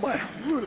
Bueno.